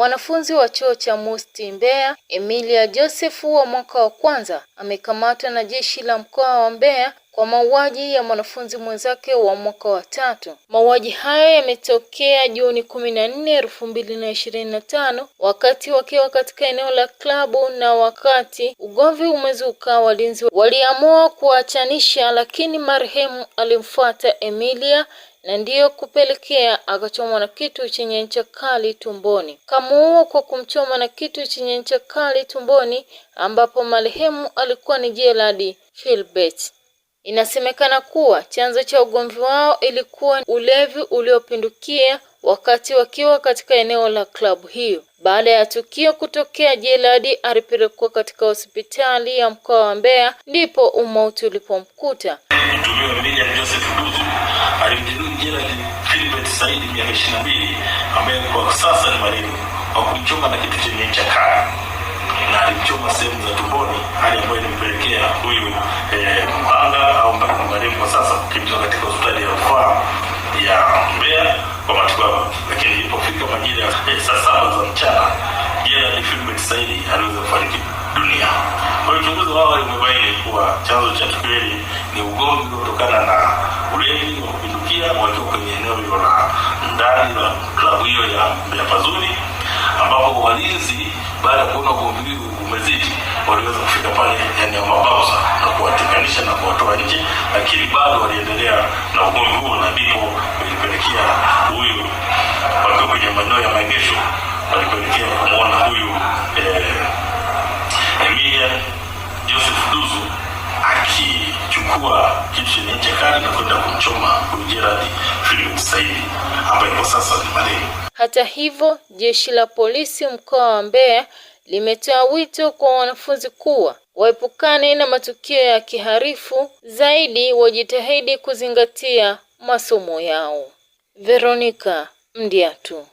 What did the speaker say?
Mwanafunzi wa chuo cha Musti Mbeya, Emilia Joseph wa mwaka wa kwanza amekamatwa na jeshi la mkoa wa Mbeya kwa mauaji ya mwanafunzi mwenzake wa mwaka wa tatu. Mauaji hayo yametokea Juni kumi na nne elfu mbili na ishirini na tano wakati wakiwa katika eneo la klabu, na wakati ugomvi umezuka, walinzi waliamua kuachanisha, lakini marehemu alimfuata Emilia na ndiyo kupelekea akachomwa na kitu chenye ncha kali tumboni. Kamuua kwa kumchoma na kitu chenye ncha kali tumboni, ambapo marehemu alikuwa ni Gerald Philbert. Inasemekana kuwa chanzo cha ugomvi wao ilikuwa ulevi uliopindukia wakati wakiwa katika eneo la klabu hiyo. Baada ya tukio kutokea, Jerad alipelekwa katika hospitali ya mkoa wa Mbeya, ndipo umauti ulipomkuta. Mtuhumiwa Miriam Joseph Dutu alimjeruhi Jerad Philbert Saidi miaka ishirini na mbili ambaye kwa sasa ni marehemu kwa kumchoma na kitu chenye ncha kali na alimchoma sehemu za tumboni, hali ambayo ilimpelekea huyu eh, kwa sasa kukimbizwa katika hospitali ya rufaa ya Mbeya kwa matibabu, lakini ilipofika majira ya saa saba za mchana Jenerali Filbert Saidi aliweza kufariki dunia. Kwa hiyo uchunguzi wao limebaini kuwa chanzo cha tukio ni ugomvi kutokana na ulevi wa kupindukia wakiwa kwenye eneo hilo la ndani la klabu hiyo ya Mbeya Pazuri, ambapo walinzi baada ya kuona ugomvi umezidi waliweza kufika pale eneo mabawa na kuwatika lakini bado waliendelea na ugomvi huo, na ndipo ilipelekea huyu wakiwa kwenye maeneo ya maegesho walipelekea kumwona huyu eh, Emilia Joseph Duzu akichukua kitu chenye ncha kali na kwenda kumchoma huyu Gerald Philip Saidi ambaye kwa sasa ni marehemu. Hata hivyo, jeshi la polisi mkoa wa Mbeya limetoa wito kwa wanafunzi kuwa waepukane na matukio ya kiharifu zaidi, wajitahidi kuzingatia masomo yao. Veronica Mdiatu